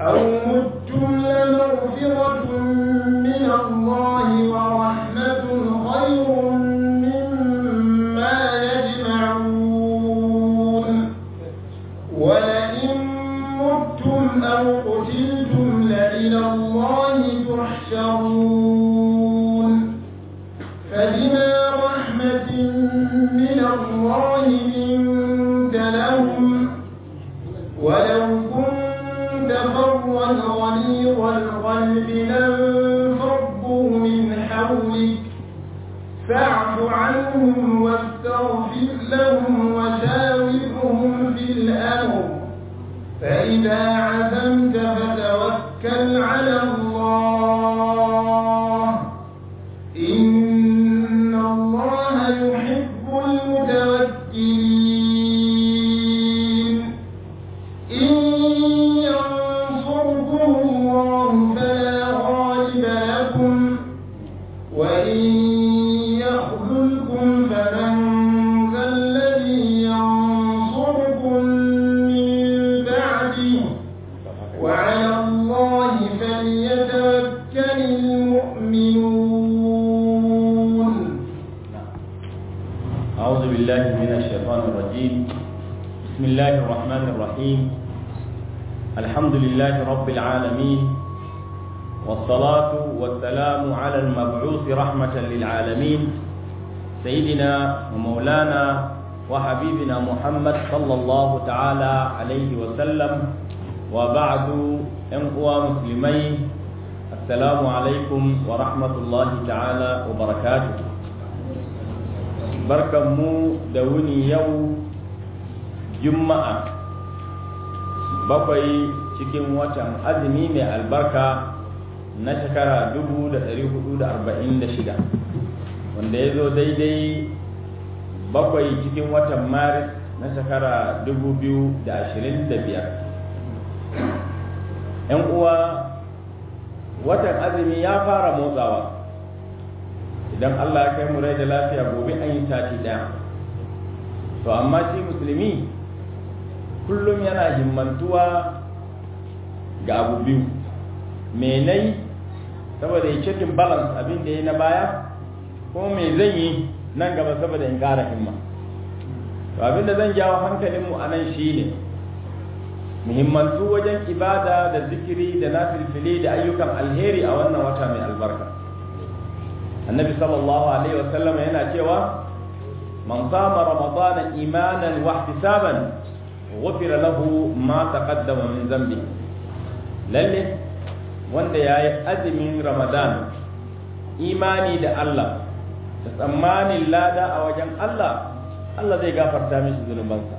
أو مدوا لمغفرة رب العالمين والصلاة والسلام على المبعوث رحمة للعالمين سيدنا ومولانا وحبيبنا محمد صلى الله تعالى عليه وسلم وبعد أنقوى مسلمين السلام عليكم ورحمة الله تعالى وبركاته بركم دوني يوم جمعة بقي cikin watan azumi mai albarka na shekara 1446 wanda ya zo daidai bakwai cikin watan maris na shekara 2025 'yan uwa watan azumi ya fara motsawa idan Allah ya kai mu rai da lafiya gobe an yi sati ɗaya to amma shi musulmi kullum yana himmantuwa ga abu biyu me nayi saboda ya cikin balance abin da ya na baya ko me zan yi nan gaba saboda in ƙara himma to abin da zan jawo hankalinmu a nan shine muhimmantu wajen ibada da zikiri da nafilfili da ayyukan alheri a wannan wata mai albarka annabi sallallahu alaihi wasallam yana cewa man sama ramadana imanan wa ihtisaban ghufira lahu ma taqaddama min dhanbihi lalle wanda ya yi azumin ramadan imani da Allah da tsammanin lada a wajen Allah Allah zai gafarta mishi zunubansa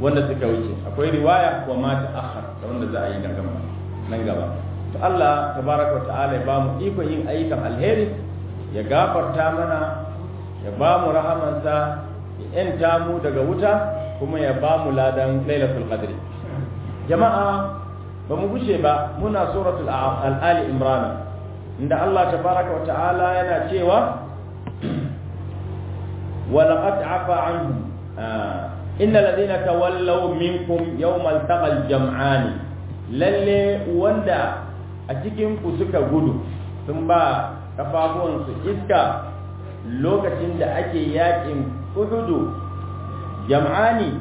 wanda suka wuce akwai riwaya wa mata akhar da wanda za a yi nan gaba to Allah tabaraka ta'ala ya ba mu iko yin ayyukan alheri ya gafarta mana ya ba mu rahamansa ya yanta mu daga wuta kuma ya ba mu ladan lailatul qadr jama'a ba mu ba muna suratul al'ali imran inda Allah tabaraka wa ta'ala yana cewa walaqad afa anhu ah, innal ladina tawallaw minkum yawmal taqal jam'an lalle wanda a cikin ku suka gudu sun ba kafafuwan su iska lokacin da ake yakin uhudu jam'ani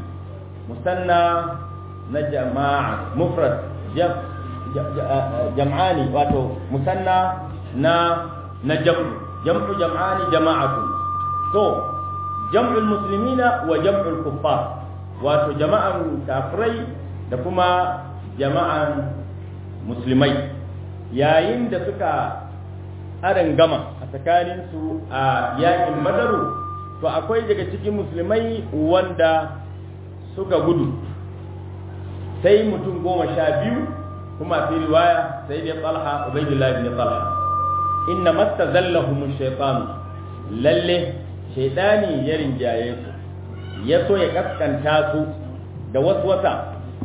musanna na jama'a mufrad Eh, eh, jam'ani wato musanna na na jam'u jam'u jam'ani jama'atu to jam'u muslimina wa jam'u kuffar wato jama'an kafirai da kuma jama'an musulmai yayin da suka aran gama a tsakaninsu a yakin madaru to akwai daga cikin musulmai wanda suka gudu sai mutum goma sha biyu kuma fi riwaya sai dai talha ubaidullah ibn talha inna mastazallahum shaytan lalle shaytani ya rinjaye su ya so ya kaskanta su da waswasa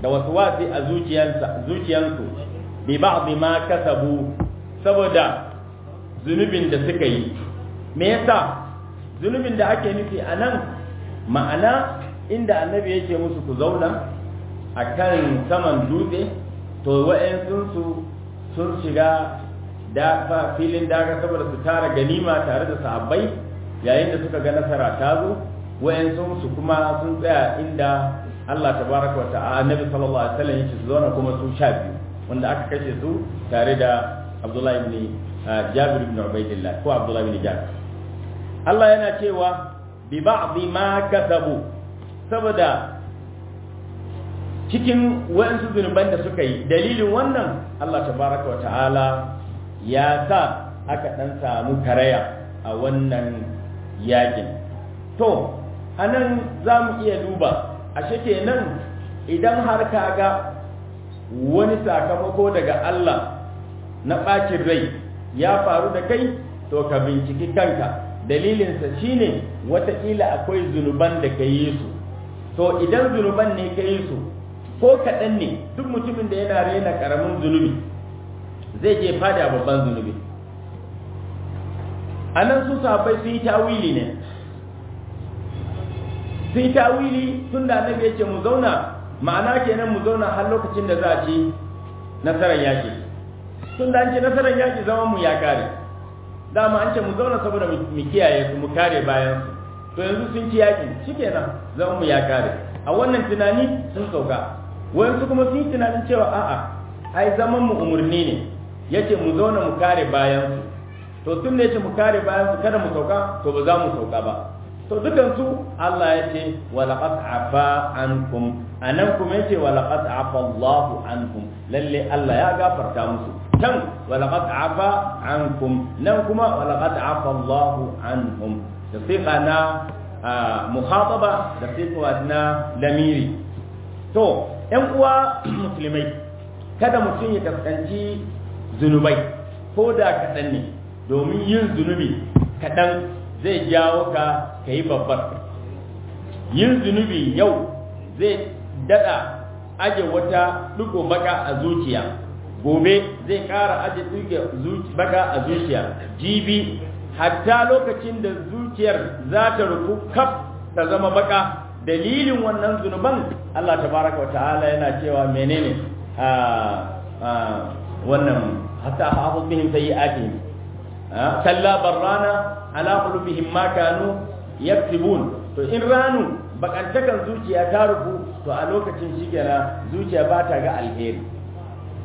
da waswasi a zuciyansa zuciyansu bi ma kasabu saboda zunubin da suka yi me yasa zunubin da ake nufi anan ma'ana inda annabi yake musu ku zauna a kan saman dutse to wa'yansunsu sun shiga da filin daga saboda su tara ganima tare da sahabbai yayin da suka ga nasara ta zo su kuma sun tsaya inda Allah baraka wa ta'ala nabi sallallahu alaihi wasallam yake su zauna kuma su sha biyu wanda aka kashe su tare da Abdullah ibn ah, Jabir ibn Ubaydillah ko Abdullah ibn Jabir Allah yana cewa bi ba'dhi ma kasabu saboda cikin wasu zunuban da suka yi dalilin wannan Allah tabaraka wa ta'ala ya sa aka ɗan samu karaya a wannan yakin to a nan za mu iya duba ashe nan, idan har ka ga wani sakamako daga Allah na ɓacin rai ya faru da kai to ka binciki kanka dalilinsa shine wataƙila akwai zunuban da ka yi su to idan zunuban ne ka yi su ko kaɗan ne duk mutumin da yana rena ƙaramin zunubi zai je fada babban zunubi a nan su sahabbai sun yi tawili ne sun yi tawili tun da annabi ya ce mu zauna ma'ana kenan mu zauna har lokacin da za a ci nasarar yaƙi tun da an ce nasarar yaƙi zaman mu ya kare dama an ce mu zauna saboda mu kiyaye su mu kare bayan su to yanzu sun ci yaƙi shikenan zaman mu ya kare a wannan tunani sun sauka wayansu kuma sun yi tunanin cewa a'a ai zaman mu umurni ne yace mu zauna mu kare bayan su to tun ne yace mu kare bayan su kada mu sauka to ba za mu sauka ba to dukan su Allah ya ce walaqad afa ankum anan kuma yace walaqad afa Allahu ankum lalle Allah ya gafarta musu can walaqad afa ankum nan kuma walaqad afa Allahu anhum da siqa na ah, mukhataba da siqa na lamiri to ‘yan uwa musulmai kada mutum ya kaskanci zunubai ko da kaɗan ne domin yin zunubi kaɗan zai jawo ka ka yi babbar yin zunubi yau zai daɗa aje wata ɗigo baka a zuciya gobe zai ƙara aje ɗigo baka a zuciya jibi hatta lokacin da zuciyar za ta rufu kaf ta zama baka dalilin wannan zunuban Allah tabaraka wata'ala yana cewa menene a ah, ah, wannan hatta hafu bihim sayyi'atihim ah, kalla barrana ala qulubihim ma kanu yaktubun to in ranu bakantakan zuciya ta rufu to a lokacin shikenan zuciya ba ta ga alheri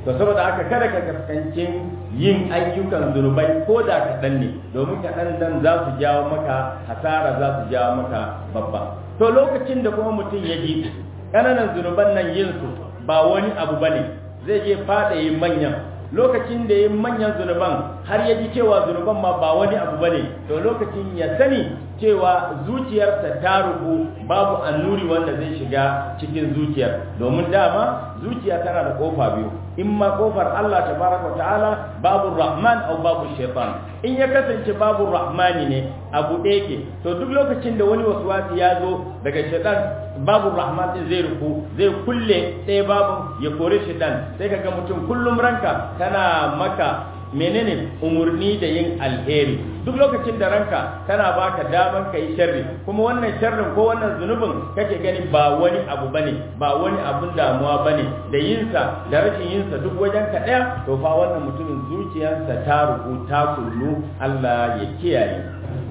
to saboda haka kada ka kaskance yin ayyukan zunubai ko da kaɗan ne domin kaɗan dan za su jawo maka hasara za su jawo maka babba to lokacin da kuma mutum ya ji ƙananan zunuban nan yin su ba wani abu bane zai je fada yin manyan lokacin da yin manyan zunuban har ya ji cewa zunuban ma ba wani abu bane to lokacin ya sani cewa zuciyarsa ta rubu babu annuri wanda zai shiga cikin zuciyar domin dama zuciya tana da kofa biyu in ma kofar Allah tabaraka ta'ala babu rahman au babu shaitan in ya kasance babu rahmani ne abu ɗaya ke to duk lokacin da wani waswasi ya zo daga shaitan babu rahman din zai ruku zai kulle sai babu ya kore shaitan sai kaga mutum kullum ranka tana maka menene umurni da yin alheri duk lokacin da ranka tana baka damar ka yi sharri kuma wannan sharrin ko wannan zunubin kake gani ba wani abu bane ba wani abun damuwa bane da yinsa da rashin yinsa duk wajen ka daya to fa wannan mutumin zuciyarsa ta rubu ta kullu Allah ya kiyaye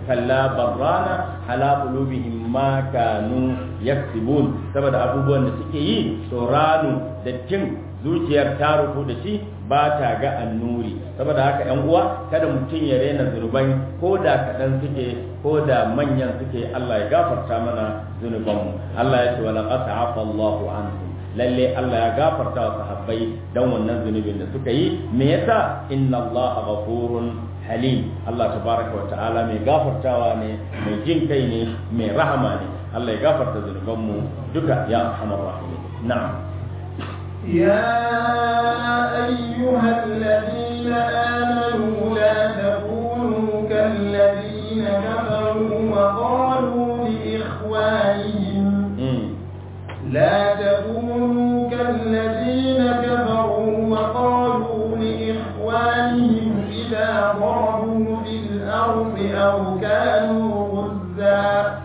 kalla barrana ala qulubihim ma kanu yaktibun saboda abubuwan da suke yi to ranu da tin zuciyar ta rubu da shi ba ta ga annuri saboda haka yan uwa kada mutum ya rena zunubai ko da kaɗan suke ko da manyan suke Allah ya gafarta mana zunubanmu Allah ya ce wa laqad afa Allahu anhum lalle Allah ya gafarta wa sahabbai dan wannan zunubin da suka yi me yasa inna Allah ghafurun halim Allah tabaraka wa ta'ala mai gafartawa ne mai jin kai ne mai rahama ne Allah ya gafarta zunubanmu duka ya arhamar rahimin na'am يا أيها الذين آمنوا لا تكونوا كالذين كفروا وقالوا لإخوانهم لا تكونوا كالذين كفروا وقالوا لإخوانهم إذا ضربوا في الأرض أو كانوا غزاً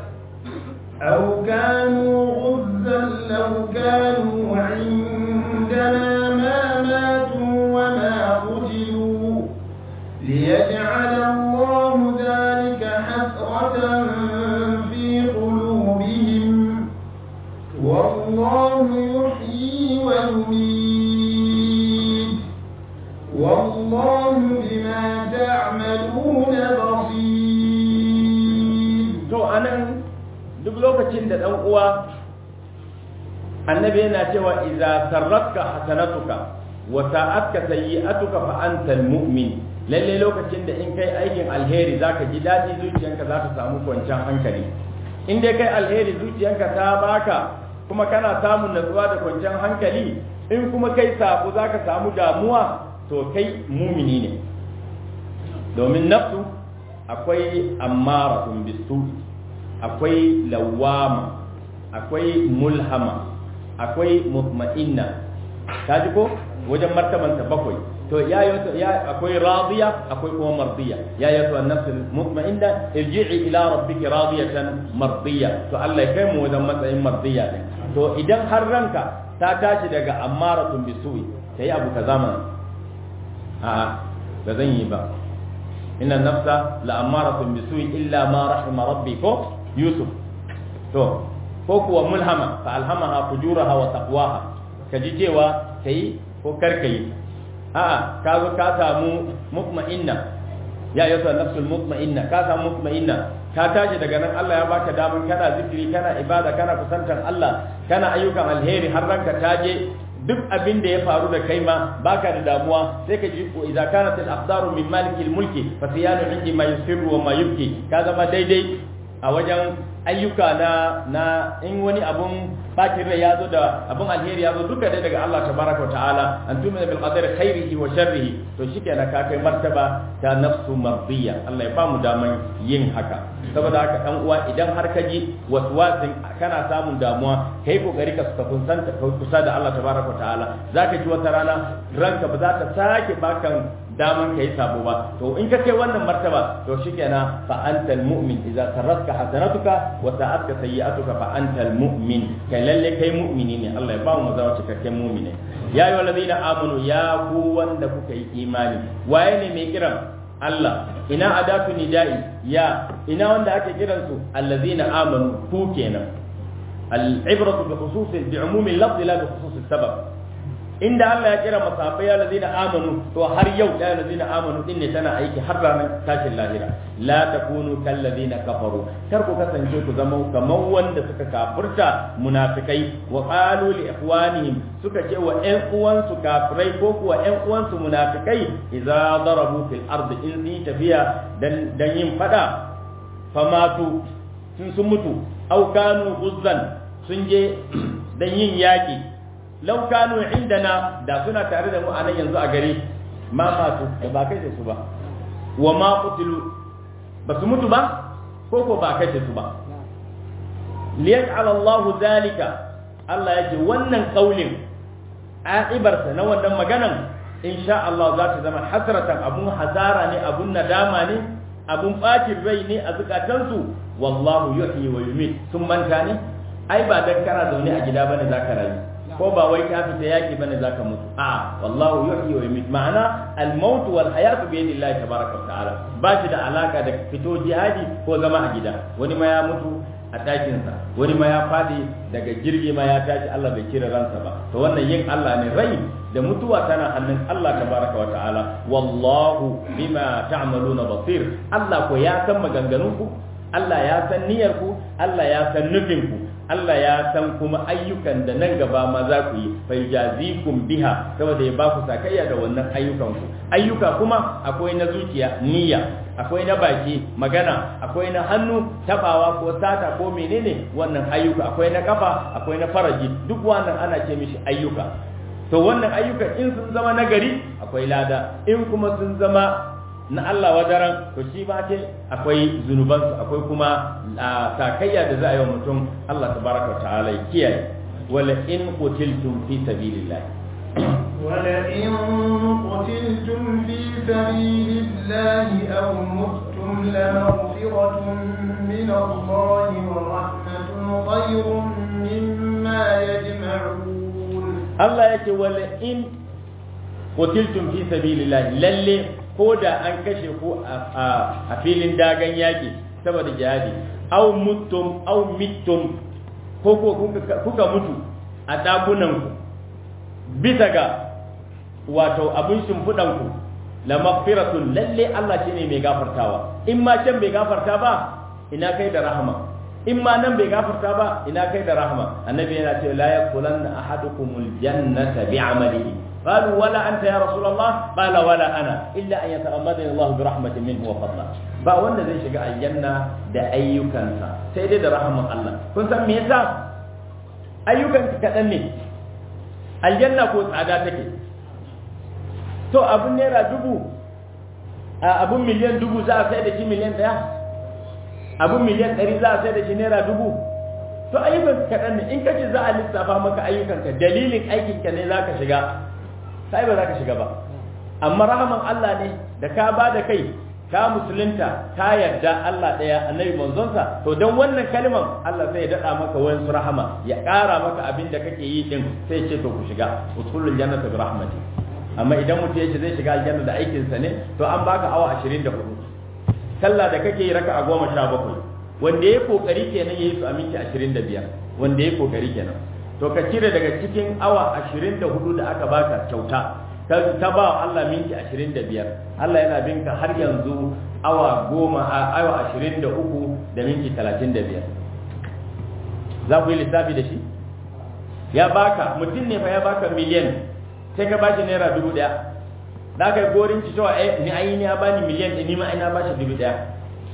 uwa annabi yana cewa idza sarratka hasanatuka wa sa'atka sayyi'atuka fa anta almu'min lalle lokacin da in kai aikin alheri zaka ji dadi zuciyanka za ta samu kwanciyar hankali in dai kai alheri zuciyanka ta baka kuma kana samun natsuwa da kwanciyar hankali in kuma kai sabo zaka samu damuwa to kai mumini ne domin nafsu akwai ammaratun bisu akwai lawama akwai mulhama akwai mutma'inna ta ji ko wajen martabanta bakwai to ya ya akwai radiya akwai kuma mardiya ya ya to annafsu mutma'inna irji'i ila rabbiki radiyatan mardiya to Allah ya kai mu wajen matsayin mardiya ne to idan har ranka ta tashi daga amaratun bisu'i sai abu kaza mana a'a ba zan yi ba inna nafsa la amaratun bisuwi illa ma rahima rabbi ko yusuf to ko kuwa mulhama fa alhamaha fujuraha wa taqwaha kaji cewa kai ko kar kai a'a ka zo ka samu mutma'inna ya yi sa nafsul mutma'inna ka samu mutma'inna ka tashi daga nan Allah ya baka damar kana zikiri kana ibada kana kusantar Allah kana ayyukan alheri har ranka ta je duk abin da ya faru da kai ma baka da damuwa sai ka ji ko idza kanat al aqdaru min maliki mulki fa siyanu indi ma yusirru wa ma yubki ka zama daidai a wajen ayyuka na na in wani abun bakin rai ya zo da abun alheri ya zo duka dai daga Allah tabaraka ta'ala an tumina bil qadar khairihi wa sharrihi to shikenan ka kai martaba ta nafsu mardiya Allah ya bamu daman yin haka saboda haka dan uwa idan har ka ji waswasin kana samun damuwa kai kokari ka kusa da Allah tabaraka ta'ala zaka ji wata rana ranka ba za ta sake bakan daman ka yi sabo ba to in ka kai wannan martaba to shikenan fa antal mu'min idza sarratka hasanatuka wa sa'atka sayyi'atuka fa antal mu'min kai lalle kai mu'mini ne Allah ya ba mu zama kai mu'mini ya ayyuhal ladina amanu ya ku wanda kuka yi imani waye ne mai kiran Allah ina adatu nida'i ya ina wanda ake kiran su allazina amanu ku kenan al-ibratu bi khususin bi umumi lafzi la bi khususin sabab inda Allah ya kira masahabai ya lazina amanu to har yau ya lazina amanu din ne tana aiki har ranar tashin lahira la takunu kal lazina kafaru kar ku kasance ku zama kamar wanda suka kafirta munafikai wa qalu li ikhwanihim suka ce wa ƴan uwansu kafirai ko kuwa ƴan uwansu munafikai idza darabu fil ardi in zi tafiya dan dan yin fada famatu sun sun mutu au kanu uzzan sun je dan yin yaki law kanu indana da suna tare da mu anan yanzu a gari ma fatu da ba kai su ba wa ma qutilu ba su mutu ba ko ko ba kai su ba liyaj'al Allah zalika Allah yake wannan kaulin a'ibarsa na wannan maganan insha Allah za ta zama hasratan abun hasara ne abun nadama ne abun bacin rai ne a zukatansu wallahu yuhyi wa yumiit sun manta ne ai ba dan kana zaune a gida bane zaka rayu ko ba wai ka fita yaki bane zaka mutu a wallahu yuhyi wa yumit ma'ana al maut wal hayatu bi yadillahi tabaraka wa ta'ala ba shi da alaka da fito jihadi ko zama a gida wani ma ya mutu a takin sa wani ma ya fadi daga jirgi ma ya tashi Allah bai kira ransa ba to wannan yin Allah ne rai da mutuwa tana hannun Allah tabaraka wa ta'ala wallahu bima ta'maluna basir Allah ko ya san maganganunku Allah ya san niyyarku Allah ya san nufinku Allah ya san kuma ayyukan da nan gaba ma za ku yi fa biha saboda ya ba ku sakayya da wannan ayyukan ku ayyuka kuma akwai na zuciya niyya akwai na baki magana akwai na hannu tabawa ko sata ko menene wannan ayyuka akwai na kafa akwai na faraji duk wannan ana ce mishi ayyuka to wannan ayyuka in sun zama nagari akwai lada in kuma sun zama na Allah wadaran to shi ba ce akwai zunubansu akwai kuma takayya da za a yi wa mutum Allah ta baraka ta'ala ya kiyaye wala in qutiltum fi sabilillah wala in qutiltum fi sabilillah aw muttum la maghfiratun min Allah wa rahmatun khayrun mimma yajma'un Allah yake wala in qutiltum fi sabilillah lalle ko da an kashe ku a filin dagan yaki saboda jihadi Au mutum au mitum ko ko kuka mutu a dakunan ku bisa ga wato abin shimfiɗan ku la maghfiratun lalle Allah shine mai gafartawa in ma can bai gafarta ba ina kai da rahama in ma nan bai gafarta ba ina kai da rahama annabi yana cewa la yaqulanna ahadukumul jannata bi'amalihi قالوا ولا أنت يا رسول الله قال ولا أنا إلا أن يتغمدني الله برحمة منه وفضله ba wanda zai shiga aljanna da ayyukansa sai dai da rahaman Allah kun san me yasa ayyukan kaɗan ne aljanna ko tsada take to abun naira dubu a abun miliyan dubu za a sai da shi miliyan ɗaya abun miliyan ɗari za a sai da shi naira dubu to ayyukan kaɗan ne in kace za a lissafa maka ayyukanka dalilin aikinka ne za ka shiga sai ba za ka shiga ba amma rahaman Allah ne da ka ba da kai ka musulunta ta yarda Allah ɗaya annabi manzonsa to don wannan kalmar Allah sai ya daɗa maka wani rahama ya ƙara maka abin da kake yi din sai ce to ku shiga usulul jannati bi rahmati amma idan mutum ce zai shiga aljanna da aikinsa ne to an baka awa 24 sallah da kake yi raka a raka'a 17 wanda ya kokari kenan yayi su a minti 25 wanda ya kokari kenan to ka cire daga cikin awa 24 da aka baka kyauta ta ba Allah minti 25 Allah yana binka har yanzu awa 10 awa 23 da minti 35 za ku yi lissafi da shi ya baka mutum ne fa ya baka miliyan sai ka bashi naira dubu daya da aka yi gorin ci cewa eh ni ayi ni ya bani miliyan ɗaya ni ma ina bashi dubu daya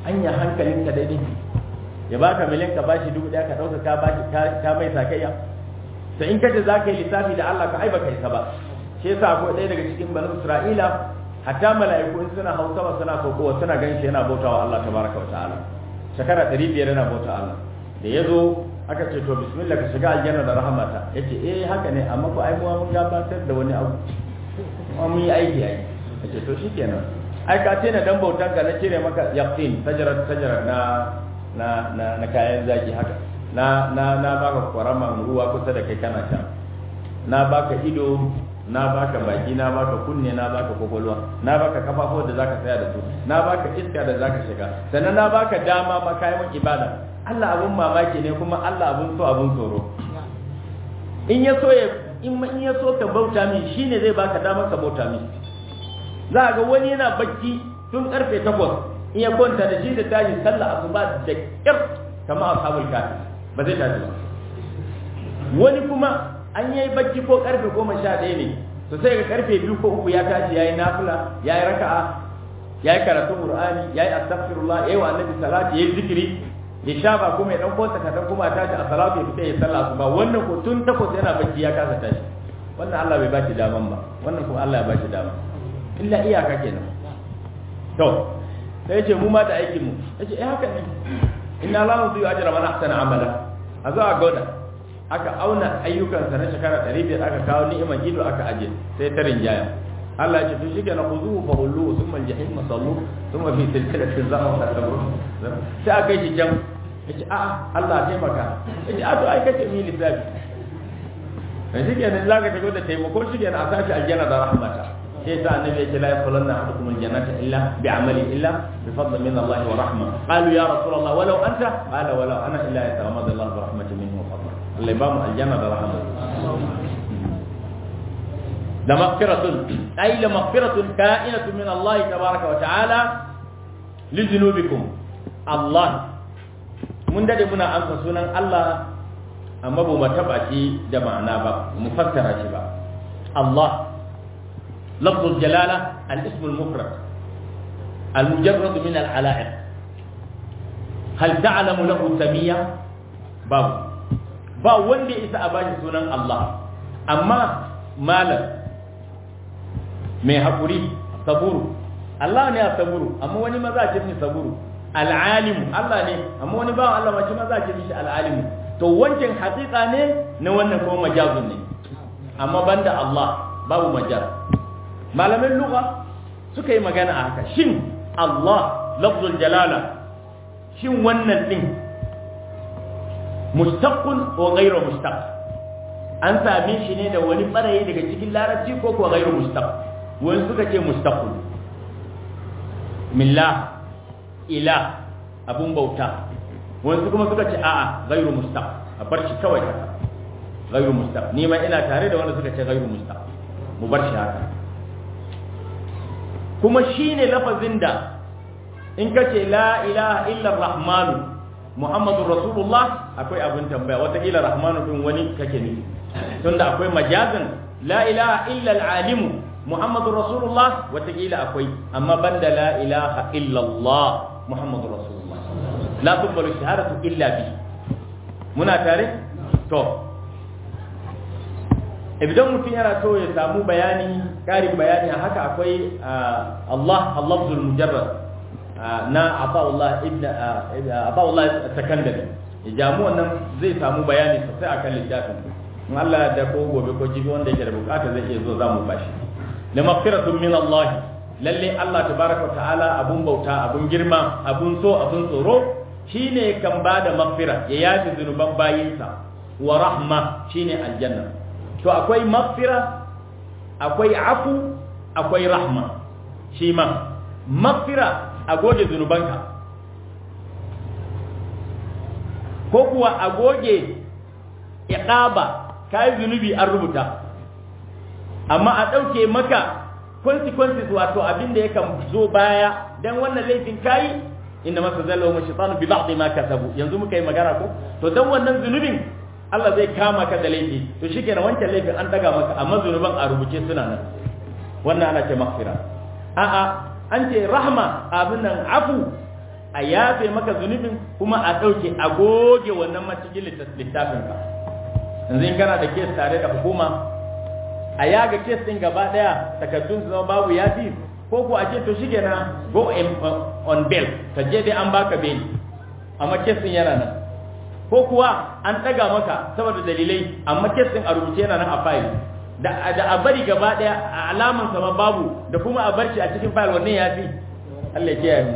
anya hankalinka daidai ya baka miliyan ka bashi dubu daya ka dauka ka bashi ka mai sakayya to in kace za ka yi lissafi da Allah ka ai baka yi ta ba shi yasa akwai ɗaya daga cikin banu Isra'ila hatta mala'iku in suna hausa ba suna kowa suna ganshi yana bautawa Allah tabaraka wa ta'ala shekara 500 yana bauta Allah da yazo aka ce to bismillah ka shiga aljanna da rahmata yace eh haka ne amma ko ai mun gabatar da wani abu kuma mun yi aiki ai yace to shikenan ai ka ce na dan bautan ka na cire maka yaqin tajarar tajarar na na na kayan zaki haka na na na baka kwaraman ruwa kusa da kai kana sha na baka ido na baka baki na baka kunne na baka kokolwa na baka kafafo da zaka tsaya da su na baka iska da zaka shiga sannan na baka dama ma kayan ibada Allah abun mamaki ne kuma Allah abun so abun tsoro in ya so ya in ya so ka bauta min shine zai baka dama ka bauta min za ga wani yana bacci tun karfe 8 in ya kwanta da shi da tashi sallah asuba da kyar kamar ashabul kafir ba zai tafi ba wani kuma an yi bacci ko karfe goma sha ɗaya ne to sai ga karfe biyu ko uku ya tashi ya yi nafila ya yi raka'a ya yi karatu qur'ani ya yi astaghfirullah ya yi wa annabi salatu ya yi zikiri ya sha ba kuma ya ɗauko kosa kaɗan kuma tashi a salatu ya fita ya sallah su ba wannan ko tun takwas yana bacci ya kasa tashi wannan Allah bai bashi daman ba wannan kuma Allah ya bashi dama illa iyaka kenan to sai ce mu ma da aikin mu ce eh haka ne inna lahu yu'ajiru man ahsana amala a za a aka auna ayyukansa na shekara 500 aka kawo ni'imar ido aka aje sai ta rinjaya Allah ya ce to shike na khuzuhu fa hullu sun al-jahim sun mafi fi silsilati zama wa tabru sai aka yi jam ce a Allah ya taimaka yace a to ai kace mi lissafi dan shike ne zaka ta gwada taimako shike na a sashi aljanna da rahmata shi yasa annabi ya ce la yakhulanna ahadukum aljannata illa bi bi'amali illa bi fadlin min Allah wa rahma qalu ya rasulullah walau anta qala walau ana illa yatawammad Allah bi rahmatin minhu wa fadlin Allah ya ba mu aljanna da rahmat da maghfiratun ay la maghfiratun ka'inatun min Allah tabaaraka wa ta'ala li dhunubikum Allah mun dade muna amsa sunan Allah amma ba mu tabbaci da ma'ana ba mu fassara shi ba Allah لفظ الجلالة الاسم المفرد المجرد من العلائق هل تعلم له سمية باب ba wanda ya isa a bashi sunan Allah amma malam mai haƙuri saburu Allah ne a saburu amma wani maza ce ne saburu al'alimu Allah ne amma wani bawan Allah mace maza ce shi al'alimu to wancan haƙiƙa ne na wannan kuma majazun ne amma banda Allah babu majaz malamin lugha suka yi magana a haka shin Allah lafzul jalala shin wannan din mustaqqun wa ghairu mustaq an sami shi ne da wani barayi daga cikin larabci ko kuwa ghairu mustaq wani suka ce mustaqqun Milla, ila abun bauta wani kuma suka ce a'a ghairu mustaq a bar shi kawai ghairu mustaq ni ma ina tare da wanda suka ce ghairu mustaq mu bar shi haka kuma shine lafazin da in ka ce la ilaha illa rahmanu muhammadun rasulullah akwai abin tambaya wata wataƙila rahmanu din wani kake nufi tunda akwai majazin la ilaha illa alimu muhammadun rasulullah wataƙila akwai amma banda la ilaha illa allah muhammadun rasulullah la tuqbalu shahadatu illa bi muna tare to idan mutum yana so ya samu bayani ƙarin bayani a haka akwai Allah Allah mujarrad na Abdullah ibn Abdullah jamu wannan zai samu bayani sosai akan littafin in Allah da ko gobe ko jibi wanda yake da bukata zai iya zo za mu bashi Da maghfiratun min Allah lalle Allah baraka ta'ala abun bauta abun girma abun so abun tsoro shine kan da mafira ya yafi zunuban bayinsa wa rahma shine aljanna to akwai maghfira akwai afu akwai rahma shi ma maghfira a goge zunubanka ko kuwa a goge iqaba kai zunubi an rubuta amma a dauke maka consequences wato abinda da yakan zo baya dan wannan laifin kai inna wa shaitanu bi ba'd ma kasabu yanzu muka yi magana ko to dan wannan zunubin Allah zai kama ka da laifi to kenan wancan laifin an daga maka amma zunuban a rubuce suna nan wannan ana ce maghfira a'a an ce rahma abin nan afu a yafe maka zunubin kuma a ɗauke a goge wannan matakin littafin ka yanzu in kana da kes tare da hukuma a yaga kes din gaba daya takardun zama babu yafi ko ko a ce to kenan go uh, on bail ka je dai an baka bail amma kes din yana nan ko kuwa an ɗaga maka saboda dalilai amma kes ɗin a rubuce yana nan a fayil da a bari gaba ɗaya a alaman sama babu da kuma a barci a cikin fayil wannan ya fi Allah ya kiyaye mu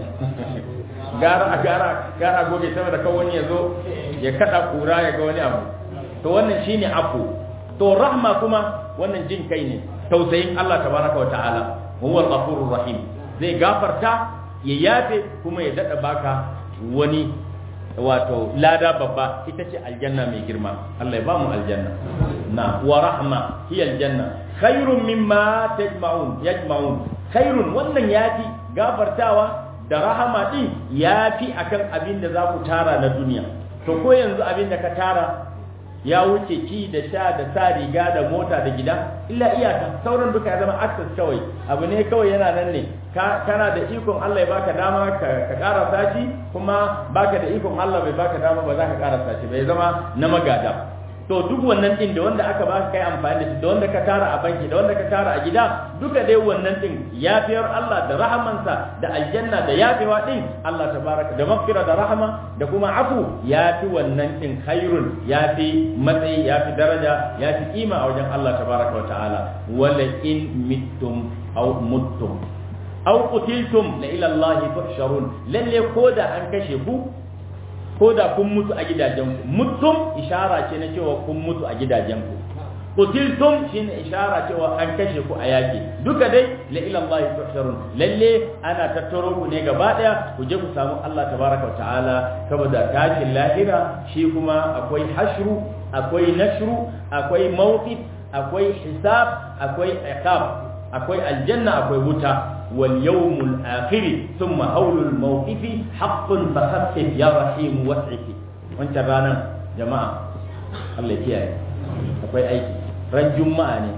gara a gara gara goge saboda da wani ya ya kada kura ya ga wani abu to wannan shine afu to rahma kuma wannan jin kai ne tausayin Allah tabaraka wa ta'ala huwa al-ghafurur rahim zai gafarta ya yafe kuma ya dada baka wani wato lada babba ita ce aljanna mai girma Allah ya ba mu aljanna na wa rahma hiya aljanna khairun mimma tajma'un yajma'un khairun wannan yafi gafartawa da rahama din yafi akan abin da za ku tara na duniya to ko yanzu abin da ka tara ya wuce ki da sha da sa riga da mota da gida illa iyaka sauran duka ya zama access kawai abu ne kawai yana nan ne kana da ikon Allah ya baka dama ka kara shi kuma baka da ikon Allah bai baka dama ba za ka karasa shi bai zama na magada to duk wannan din da wanda aka baka kai amfani da shi da wanda ka tara a banki da wanda ka tara a gida duka dai wannan din yafiyar Allah da rahamansa da aljanna da yafewa din Allah tabaraka da maghfira da rahama da kuma afu yafi wannan din khairun yafi matsayi yafi daraja yafi kima a wajen Allah tabaraka wa ta'ala wala in mittum aw muttum aw qutiltum la ila Allah tuhsharun lalle ko da an kashe ku ko da kun mutu a gidajenku mutum ishara ce na cewa kun mutu a gidajenku qutiltum shine ishara cewa an kashe ku a yaki duka dai la ila Allah tuhsharun lalle ana tattaro ku ne gaba daya ku je ku samu Allah tabaraka wa ta'ala saboda tashin lahira shi kuma akwai hashru akwai nashru akwai mawqif akwai hisab akwai iqab akwai aljanna akwai wuta واليوم الآخر ثم هول الموقف حق فخفف يا رحيم وسعك وانت رانا جماعة الله يكيئك akwai aiki ran juma'a ne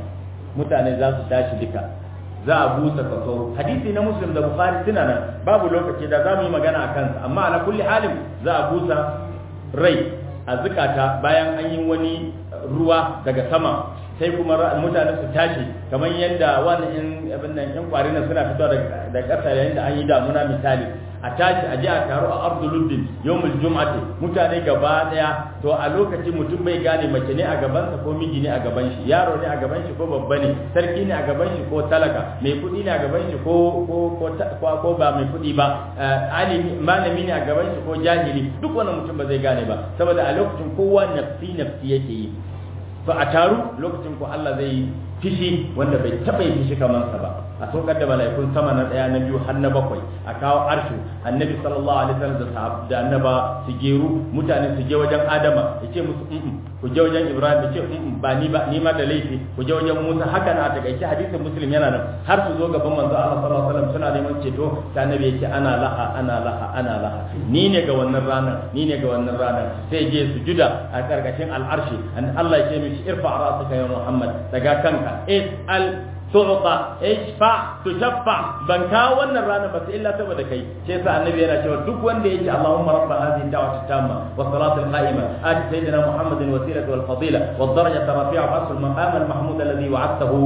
mutane za su tashi duka za a busa kaso hadisi na muslim da bukhari suna nan babu lokaci da za mu yi magana a kansa amma na kulli halin za a busa rai a zukata bayan an yi wani ruwa daga sama sai kuma mutane su tashi kamar yadda wannan in abin nan yan kwari na suna fitowa daga ƙasa yayin da an yi damuna misali a tashi a je a taro a Abduluddin yawmul jum'ati mutane gaba daya to a lokacin mutum bai gane mace ne a gaban sa ko miji ne a gaban shi yaro ne a gaban shi ko babba ne sarki ne a gaban shi ko talaka mai kuɗi ne a gaban shi ko ko ko ko ba mai kuɗi ba eh, alimi malami ne a gaban shi ko jahili duk wannan mutum ba zai gane ba saboda a lokacin kowa nafsi nafsi yake yi fa a taru lokacin ko Allah zai fishi wanda bai taɓa yin fishi kamar sa ba a saukar da mala'ikun sama na daya na biyu har na bakwai a kawo arshu annabi sallallahu alaihi wasallam da da annaba su geru mutane su je wajen adama ya ce musu mm, mm ku je wajen ibrahim ya ce mm, mm ba ni ba ni ma da laifi ku je wajen musa haka na takaice hadisin muslim yana nan har su zo gaban manzo Allah sallallahu alaihi wasallam suna neman ceto ta annabi ya ce ana laha ana laha ana laha ni ne ga wannan ranar ni ne ga wannan ranar sai je juda a karkashin al'arshi an Allah ya ce mishi irfa ra'saka ya Muhammad daga kanka is al tu'ta ishfa tushaffa ban kawo wannan rana ba sai illa saboda kai sai sa annabi yana cewa duk wanda yake Allahumma rabba hadhihi da'wati tamma wa salatu al-qa'ima ati sayyidina Muhammadin wasilata wal fadila wad darajata rafi'a wa asl maqam al-mahmud alladhi wa'adtahu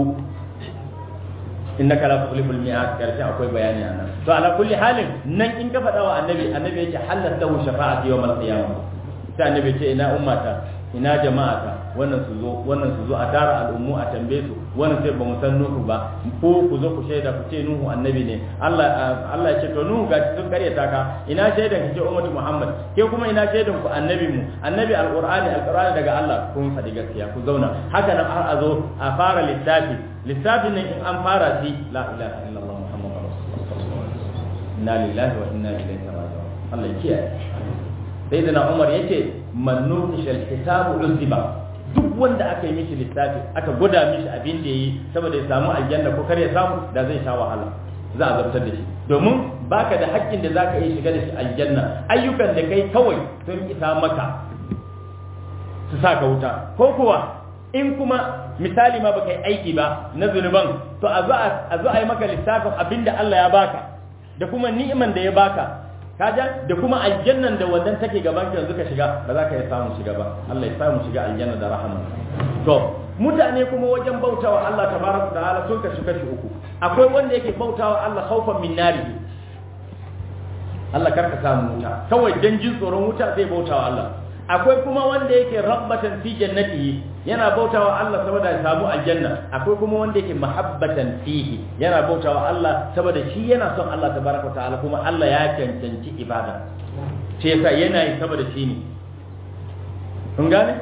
innaka la tukhlifu al-mi'ad karshe akwai bayani anan to ala kulli halin nan in ka faɗa wa annabi annabi yake halatta shafa'ati yawm al-qiyamah sai annabi ce ina ummata ina jama'ata wannan su zo wannan su zo a tara al'ummu a tambaye su wannan sai ba mu san nuhu ba ko ku zo ku shaida ku ce nuhu annabi ne Allah ah, Allah ya ce to nuhu ga sun karyata ka ina shaidan ka ce ummatu muhammad ke kuma ina shaidan ku annabi mu annabi alqur'ani alqur'ani daga Allah kun faɗi gaskiya ku zauna haka nan har a zo a fara lissafi lissafi ne in an fara shi la ilaha illallah muhammadur rasulullah inna lillahi wa inna ilaihi raji'un Allah ya kiyaye sayyidina Umar yace man nuqisha al-hisabu uziba duk wanda aka yi mishi lissafi aka gwada mishi abin da yi saboda ya samu aljanna ko kar ya samu da zai sha wahala za a zartar da shi domin baka da haƙƙin da zaka iya shiga da shi aljanna ayyukan da kai kawai sun isa maka su sa ka wuta ko kuwa in kuma misali ma baka yi aiki ba na zunuban to a zo a yi maka lissafin abin da Allah ya baka da kuma ni'iman da ya baka kaja da kuma aljannan da wannan take gaban ka yanzu ka shiga ba za ka yi samu shiga ba Allah ya samu shiga aljanna da rahama to mutane kuma wajen bautawa Allah tabaraka ta'ala sun kashi kashi uku akwai wanda yake bautawa Allah khaufan min nari Allah karka samu wuta kawai dan jin tsoron wuta zai bautawa Allah akwai kuma wanda yake rabbatan fi jannatihi yana bautawa Allah saboda ya samu aljanna akwai kuma wanda yake mahabbatan fihi yana bautawa Allah saboda shi yana son Allah tabaraka ta'ala kuma Allah ya cancanci ibada ce yasa yana yi saboda shi ne kun gane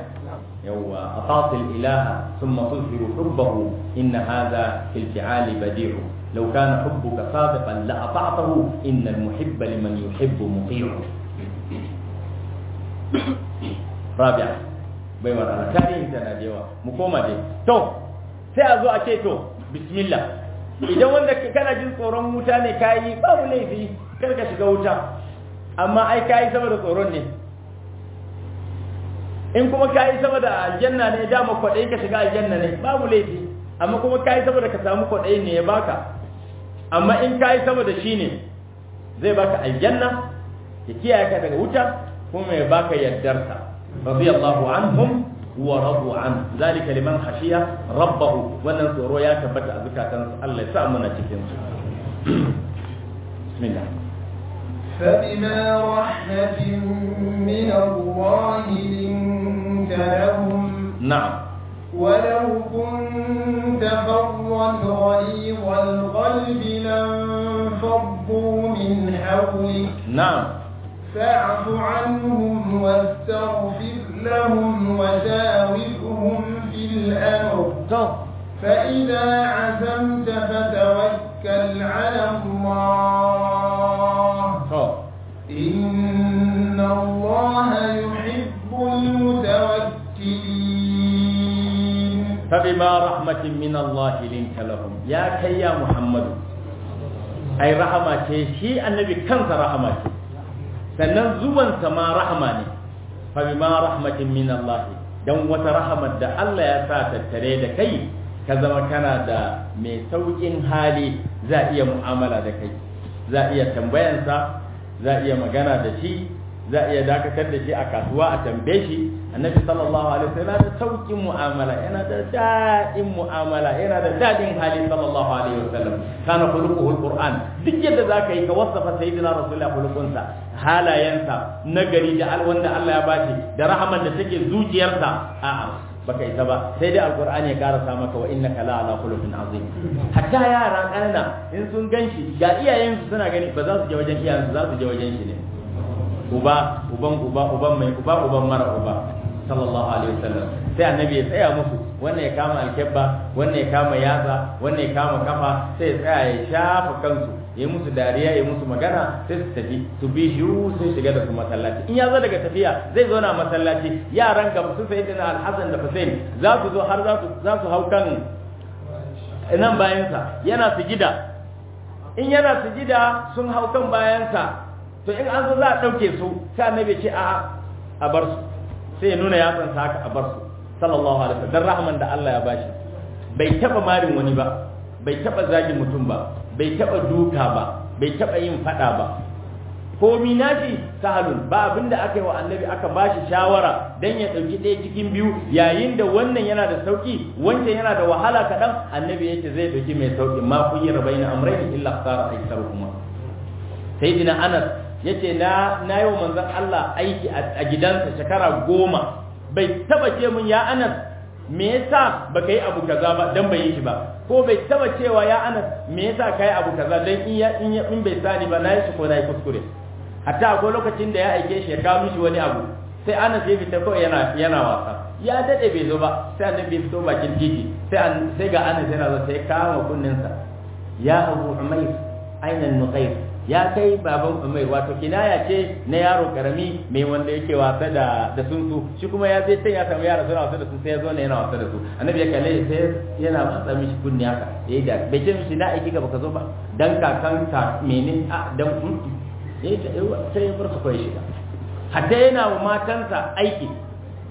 yawa atatil ilaha thumma tuzhiru hubbahu inna hadha fil fi'ali badi'u law kana hubbuka sadiqan la ata'tahu innal muhibba liman yuhibbu muti'u rabi'a bai wa rana tarihin ta na da yawa mu koma dai to sai a zo a ce to bismillah idan wanda kana jin tsoron wuta ne kayi babu laifi kar ka shiga wuta amma ai kayi saboda tsoron ne in kuma kayi saboda aljanna ne dama kwaɗayi ka shiga aljanna ne babu laifi amma kuma kayi saboda ka samu kwaɗayi ne ya baka amma in kayi saboda shi ne zai baka aljanna ya kiyaye ka daga wuta كما يبقى يدرسا رضي الله عنهم ورضوا عنه ذلك لمن خشية ربه ولن تروا يا كبت أذكاك الله سأمنا بسم الله فبما رحمة من الله لنت لهم نعم ولو كنت فظا غليظ القلب لانفضوا من حولك نعم فاعف عنهم واستغفر لهم وشاورهم في الأمر فإذا عزمت فتوكل على الله إن الله يحب المتوكلين فبما رحمة من الله لنت لهم يا كي يا محمد أي رحمة شيء النبي كنت رحمة sannan zuwansa ma rahama ne fa ma rahmatin min Allah dan wata rahamar da Allah ya sa tattare da kai ka zama kana da mai saukin hali za iya mu'amala da kai za iya tambayansa za iya magana da shi za iya dakatar da shi a kasuwa a tambaye shi annabi sallallahu alaihi wasallam yana da saukin mu'amala yana da mu'amala yana da daɗin hali sallallahu alaihi wasallam kana khuluquhu alquran duk yadda zaka yi ka wasafa sayyidina rasulullah khuluqunsa halayensa nagari da alwanda Allah ya bashi da rahaman da take zuciyarsa a'a baka isa ba sai dai alqur'ani ya karasa maka wa innaka la ala khuluqin azim hatta yara kanana in sun ganshi ga iyayensu suna gani ba za su je wajen iyayensu za su je wajen shi ne uba uban uba uban mai uba uban mara uba sallallahu alaihi wasallam sai annabi ya tsaya musu wannan ya kama alkebba wannan ya kama yatsa wannan ya kama kafa sai ya tsaya ya shafa kansu ya musu dariya ya musu magana sai su tafi su bi shi sun shiga da su masallaci in ya zo daga tafiya zai zauna na masallaci yaran gaba sun sai dina alhassan da fasain za su zo har za su hau kan nan bayansa yana sujida in yana sujida sun hau kan bayansa to in an zo za a ɗauke su sai annabi ce a a bar su sai ya nuna sa haka a bar su sallallahu alaihi wasallam dan rahman da Allah ya bashi bai taba marin wani ba bai taba zagin mutum ba bai taba duka ba bai taba yin fada ba komi nashi sahalun ba abinda aka yi wa annabi aka bashi shawara dan ya dauki ɗaya cikin biyu yayin da wannan yana da sauki wancan yana da wahala kaɗan annabi yake zai dauki mai sauki ma kun yi rabaina amrayn illa khara aitharuhuma sayyidina anas yace na na yi wa manzon Allah aiki a gidansa shekara goma bai taba ce mun ya Anas me yasa baka yi abu kaza ba dan bai yi shi ba ko bai taba cewa ya Anas me yasa kai abu kaza dan in ya in ya in bai sani ba na yi shi ko nayi yi kuskure hatta akwai lokacin da ya aike shi ya kawo mishi wani abu sai Anas ya fita kawai yana yana wasa ya dade bai zo ba sai annabi bai fito bakin titi sai an sai ga Anas yana zo sai kama kunninsa ya Abu Umayr aina nuqayr ya kai baban mai wato kinaya ce na yaro karami mai wanda yake wasa da da sunsu shi kuma ya zai ya samu yara suna wasa da sunsu ya zo ne yana wasa da su annabi ya kalle sai yana matsa mishi kunni haka yayi da bai ce mishi na aiki ka baka zo ba dan kakan ka mene a dan kun eh sai ya farka kai shi hatta yana wa matansa aiki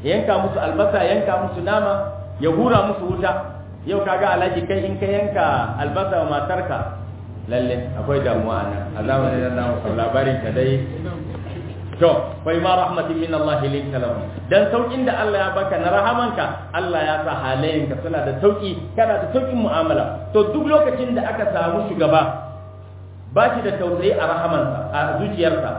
yanka musu albasa yanka musu nama ya hura musu wuta yau kaga alhaji kai in ka yanka albasa wa matarka lalle akwai damuwa nan a zamanin nan namu labarin ka dai to wai ma rahmatin min Allah lin kalam dan saukin da Allah ya baka na rahamanka Allah ya sa halayenka suna da sauki kana da saukin mu'amala to duk lokacin da aka samu shugaba ba shi da tausayi a rahamansa a zuciyarsa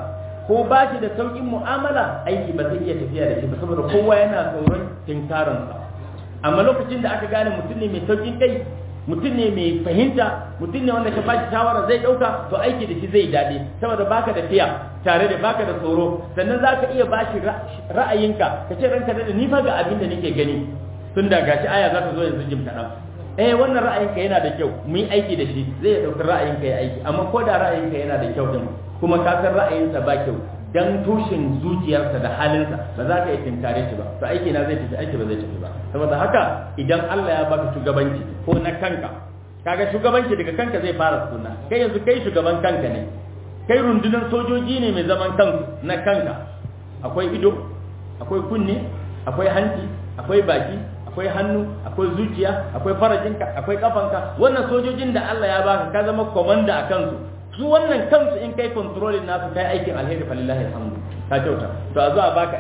ko ba shi da saukin mu'amala aiki ba zai iya tafiya da shi ba saboda kowa yana tsoron tinkarinsa amma lokacin da aka gane mutum ne mai saukin kai mutum ne mai fahimta mutum ne wanda ka bashi shawara zai dauka to aiki da shi zai dade saboda baka da fiya tare da baka da tsoro sannan za ka iya bashi ra'ayinka ka ce ranka da ni fa ga abin da nake gani tun da gashi aya za ta zo yanzu jim kaɗan eh wannan ra'ayinka yana da kyau mu yi aiki da shi zai ɗauki ra'ayinka ya aiki amma ko da ra'ayinka yana da kyau din kuma ka san ra'ayinsa ba kyau dan tushen zuciyarsa da halinsa ba za ka yi tinkare shi ba to aiki na zai tafi aiki ba zai tafi ba saboda haka idan Allah ya baka shugabanci ko na kanka kaga shugabanci daga kanka zai fara suna kai yanzu kai shugaban kanka ne kai rundunar sojoji ne mai zaman kanku na kanka akwai ido akwai kunne akwai hanci akwai baki akwai hannu akwai zuciya akwai farajinka akwai kafanka wannan sojojin da Allah ya baka ka zama komanda a kansu su wannan kansu in kai controlling nasu kai aikin alheri lillahi alhamdu ka kyauta to a zo a baka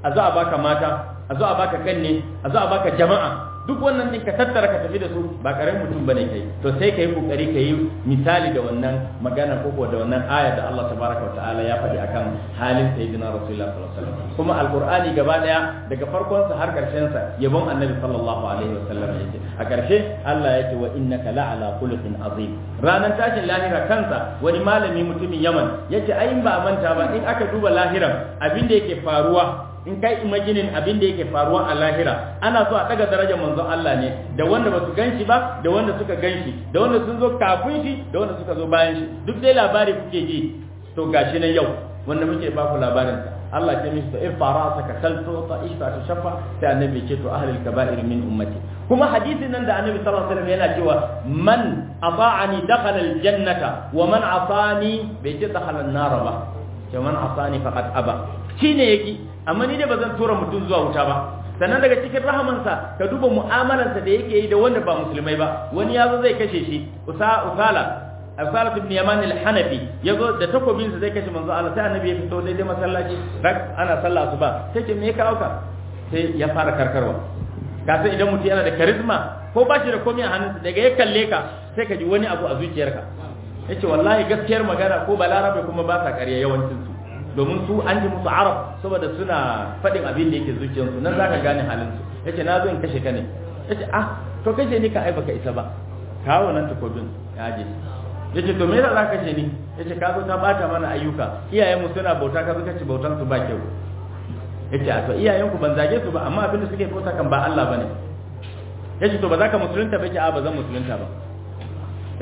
a zo a baka mata a zo a baka kanne a zo a baka jama'a duk wannan din ka tattara ka tafi da su ba karen mutum bane kai to sai kai kokari yi misali da wannan magana ko da wannan aya da Allah tabaraka wa ta'ala ya faɗi akan halin sayyidina rasulullah sallallahu alaihi wasallam kuma alqur'ani gaba daya daga farkon sa har karshen sa yabon annabi sallallahu alaihi wasallam yake a karshe Allah yake wa innaka la'ala khuluqin azim ranan tashin lahira kansa wani malami mutumin Yaman a ai ba manta ba in aka duba lahiran abin da yake faruwa in kai imaginin abin da yake faruwa a lahira ana so a daga darajar manzon Allah ne da wanda basu ganshi ba da wanda suka ganshi da wanda sun zo kafin shi da wanda suka zo bayan shi duk dai labari kuke ji to gashi nan yau wanda muke ba ku labarin sa Allah ya mishi to ifara saka kalto ta isa ta shafa sai annabi ce to ahlul kaba'ir min ummati kuma hadisin nan da annabi sallallahu alaihi wasallam yana cewa man ata'ani dakhala aljannata wa man asani bai ce dakhala an-nar ba jaman asani faqat aba shine yaki amma ni dai bazan tura mutum zuwa wuta ba sannan daga cikin rahamansa ka duba mu'amalarsa da yake yi da wanda ba musulmai ba wani yazo zai kashe shi usa usala Asalat ibn Yaman al-Hanafi yazo da takobin sa zai kashe manzo Allah sai annabi ya fito daidai masallaci rak ana sallah ba. sai ke me ka auka sai ya fara karkarwa ka idan mutum yana da charisma ko ba shi da komai a hannunsa daga ya kalle ka sai ka ji wani abu a zuciyarka yace wallahi gaskiyar magana ko balarabe kuma ba ta ƙarya yawancin su domin su an ji musu arab saboda suna faɗin abin da yake zuciyarsu nan zaka gane halin su yace na zo in kashe ka ne yace ah to kashe ni ka aibaka baka isa ba kawo nan takobin ya je yace to me yasa zaka kashe ni yace ka zo ka bata mana ayyuka iyayen mu suna bauta ka zuka ci bautan su ba kyau yace a to iyayen ku ban zage su ba amma abin da suke bauta kan ba Allah bane yace to ba za ka musulunta ba ki a ba zan musulunta ba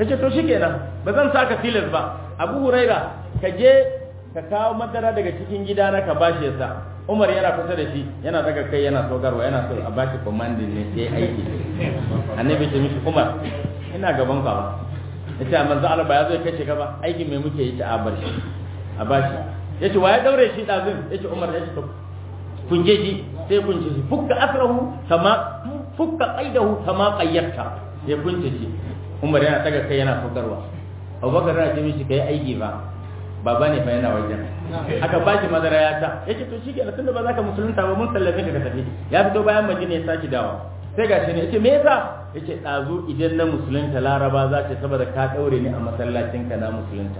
yace to shikenan ba zan saka tilas ba abu huraira ka je ka kawo madara daga cikin gida na ka bashi ya sa umar yana kusa da shi yana daga kai yana sogarwa. yana so a bashi commanding ne sai aiki annabi ce mishi umar ina gaban ka ba yace amma Allah ba ya zo ya kace ka ba aiki mai muke yi ta abar shi a bashi yace wa ya daure shi dazin yace umar yace to kunje shi sai kunje shi fukka asrahu kama fukka qaidahu kama qayyata ya kunje shi umar yana daga kai yana sogarwa. abubakar na ce mishi yi aiki ba baba ne fa yana wajen aka ba shi madara ya ta ce to shi da, tunda ba za ka musulunta ba mun tallafi ka ka tafi ya fito bayan madina ya sake dawa sai ga shi ne ce me yasa ce ɗazu, idan na musulunta laraba za ce saboda ka daure ni a masallacin ka na musulunta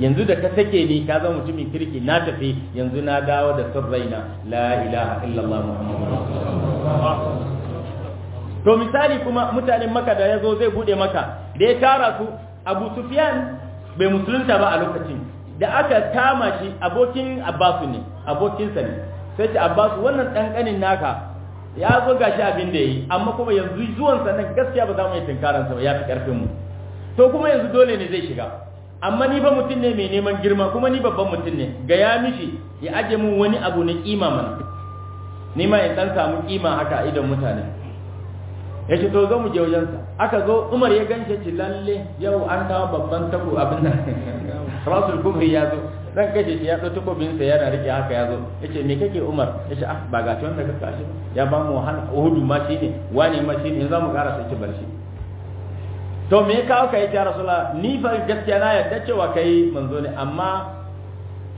yanzu da ka sake ni ka zama mutumin kirki na tafi yanzu na dawo da sun raina la ilaha illallah muhammadu to misali kuma mutanen maka da ya zo zai bude maka da ya tara su abu Sufiyan bai musulunta ba a lokacin da aka kama shi abokin abbasu ne abokinsa ne sai ce abbasu wannan ɗanƙanin naka ya zo shi abin da ya yi amma kuma yanzu zuwansa nan gaskiya ba za mu yi tunkaransa ba ya fi ƙarfinmu to kuma yanzu dole ne zai shiga amma ni ba mutum ne mai neman girma kuma ni babban mutum ne ga ya mishi ya ajiye mu wani abu na kima mana ni ma in dan samu kima haka idan mutane ya ce to zo mu je wajensa aka zo umar ya ganke ci lalle yau an dawo babban tabo abin nan rasul kubri ya zo dan kashe shi ya ɗau takobin sa yana rike haka ya zo yace me kake umar yace ah ba ga tun da ka kashe ya ba mu wahala uhudu ma shi ne wani ma shi ne za mu ƙara sai ki bar shi to me ka ka yace rasula ni fa gaskiya na yarda cewa kai manzo ne amma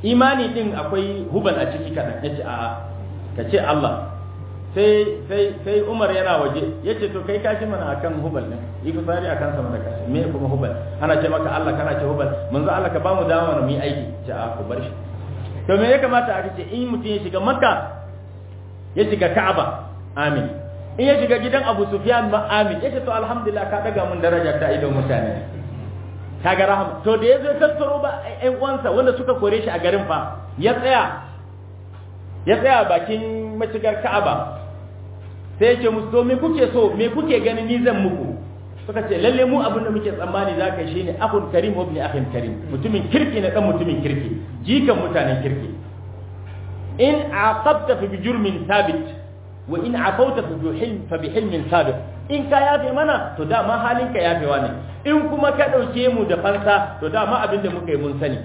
imani din akwai huban a ciki kadan yace a'a ka ce Allah sai sai sai Umar yana waje yace to kai kashi mana akan hubal ne, yi fitsari akan sa mana kashi me kuma hubal ana ce maka Allah kana ce hubal manzo Allah ka bamu dama mu yi aiki ce a ah, ku bar shi to me ya kamata a ce in mutum ya shiga Makka ya shiga Ka'aba amin in ya shiga gidan Abu Sufyan ma amin yace to alhamdulillah ka daga mun daraja ta idan mutane ga rahama to da yazo tattaro ba ai uwansa wanda suka kore shi a garin fa ya tsaya ya tsaya bakin mashigar Ka'aba sai ce musu to me kuke so me kuke ganin ni zan muku suka ce lalle mu abin da muke tsammani za ka shi ne akun karim ibn akhin karim mutumin kirki na dan mutumin kirki jikan mutanen kirki in aqabta fi bijurmin thabit wa in afauta fi juhil fa bi thabit in ka yafe mana to dama halin ka yafewa ne in kuma ka dauke mu da fansa to dama abin da muka yi mun sani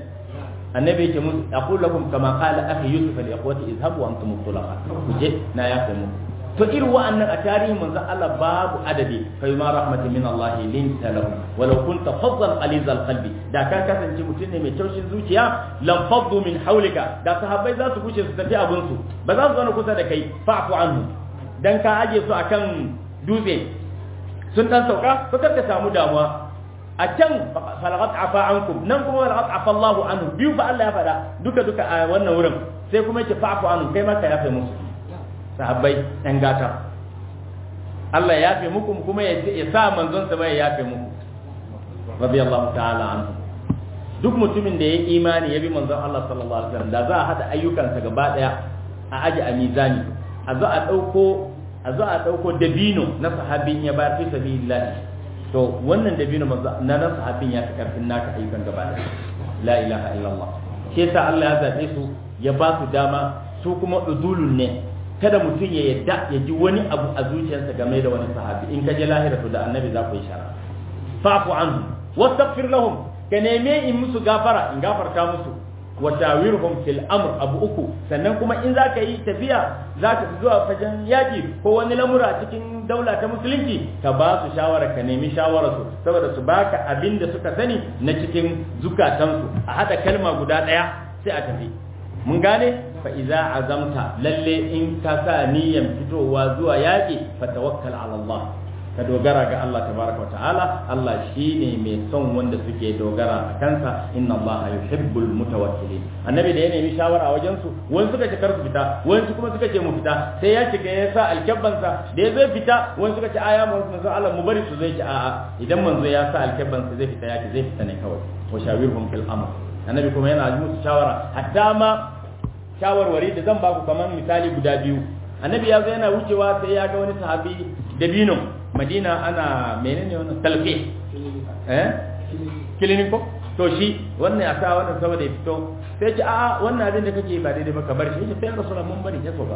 annabi yake mun aqul lakum kama qala akhi yusuf li antum kuje na yafe to irin wa'annan a tarihin manzon Allah babu adadi kai ma rahmatin min Allah lin talahu walau kunta alizal qalbi da ka kasance mutum ne mai taushin zuciya lam faddu min hawlika da sahabbai za su gushe su tafi abin su ba za su zauna kusa da kai fa'fu anhu dan ka aje su akan dutse sun dan sauka to ka samu damuwa a can falagat afa ankum nan kuma falagat afa Allahu anhu biyu fa Allah ya fada duka duka a wannan wurin sai kuma yake fa'fu anhu kai ma ka yafe musu sahabbai ɗan gata Allah ya yafe muku kuma ya sa manzon sa ya yafe muku Allah ta'ala anhu duk mutumin da ya imani ya bi manzon Allah sallallahu alaihi wasallam da za a hada ayyukansa gaba daya a aji a mizani a zo a dauko a zo a dauko dabino na sahabbin ya ba fi sabilillah to wannan dabino na na sahabbin ya fi karfin naka ayyukan gaba daya la ilaha illallah shi yasa Allah ya zabe su ya ba su dama su kuma udulun ne kada mutum ya yadda ya ji wani abu a zuciyarsa game da wani sahabi in ka je lahira to da annabi za ku yi shara fa'fu anhu wastaghfir lahum ka neme in musu gafara in gafarta musu wa tawirhum fil amr abu uku sannan kuma in zaka yi tafiya zaka zuwa fajan yaji ko wani lamura cikin daula ta musulunci ka ba su shawara ka nemi shawara su saboda su baka abin da suka sani na cikin zukatansu a hada kalma guda daya sai a tafi mun gane fa iza azamta lalle in ka sa niyyar fitowa zuwa yaƙi fa tawakkal ala Allah ka dogara ga Allah tabaraka wa ta'ala Allah shine mai son wanda suke dogara a kansa inna Allah yuhibbul mutawakkilin annabi da ya nemi shawara wajen su wani suka ce kar su fita wani kuma suka ce mu fita sai ya shiga ya sa alkabban da ya zai fita wani suka ce aya mu manzo Allah mu bari su zai ci a'a idan manzo ya sa alkabban zai fita ya zai fita ne kawai wa shawirhum fil amr annabi kuma yana musu shawara hatta ma shawarwari da zan baku kamar misali guda biyu annabi ya zo yana wucewa sai ya ga wani sahabi dabino madina ana menene wannan talfi eh ko to shi wannan ya sa wannan saboda ya fito sai ce a'a wannan abin da kake ba daidai ba ka bar shi sai ya mun bari ya so ba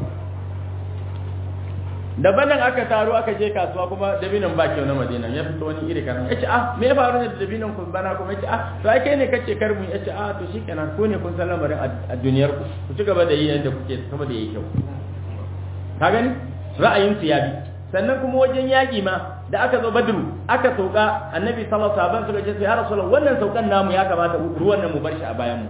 da banan aka taro aka je kasuwa kuma dabinan ba kyau na madina ya fito wani iri kanan yace ah me ya faru da dabinan ku bana kuma yace ah to ai kai ne kace kar mu yace ah to shikenan ko ne kun san lamarin a duniyar ku ku ci gaba da yi yadda kuke kuma da yake kyau ka gani ra'ayin su ya bi sannan kuma wajen yaki ma da aka zo badru aka sauka annabi sallallahu alaihi wasallam suka ce ya rasulullah wannan saukan namu ya kamata ruwan nan mu bar shi a bayan mu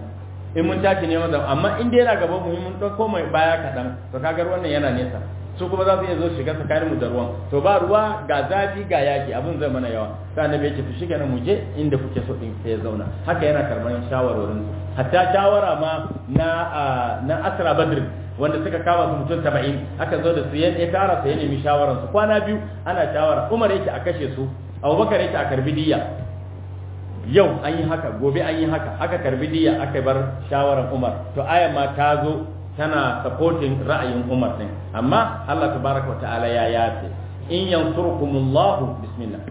in mun tashi ne mazan amma in dai yana gaban mu mun dauko mai baya kadan to kaga ruwan nan yana nesa su kuma za su iya zo shiga tsakaninmu da ruwan to ba ruwa ga zafi ga yaki abin zai mana yawa sai annabi ya ce ku shiga nan muje inda kuke so din sai ya zauna haka yana karban shawarorin su hatta shawara ma na na asra badr wanda suka kama su mutum 70 aka zo da su ya tara su ya nemi shawaran kwana biyu ana shawara Umar yake a kashe su Abubakar yake a karbi diyya yau an yi haka gobe an yi haka aka karbi diya aka bar shawaran Umar to aya ma ta zo tana supporting ra'ayin Umar din amma Allah tabaraka wata'ala ya yafe in yansurkumullahu bismillah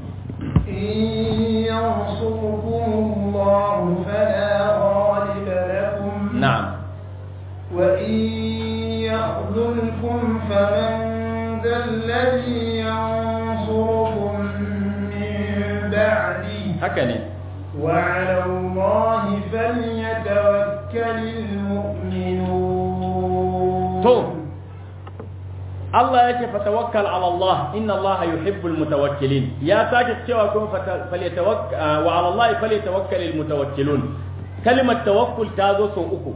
in fatawakkal ala Allah inna Allah yuhibbul mutawakkilin ya sake cewa ko ah, wa ala Allah falyatawakkalul mutawakkilun kalimar tawakkul ta zo sau uku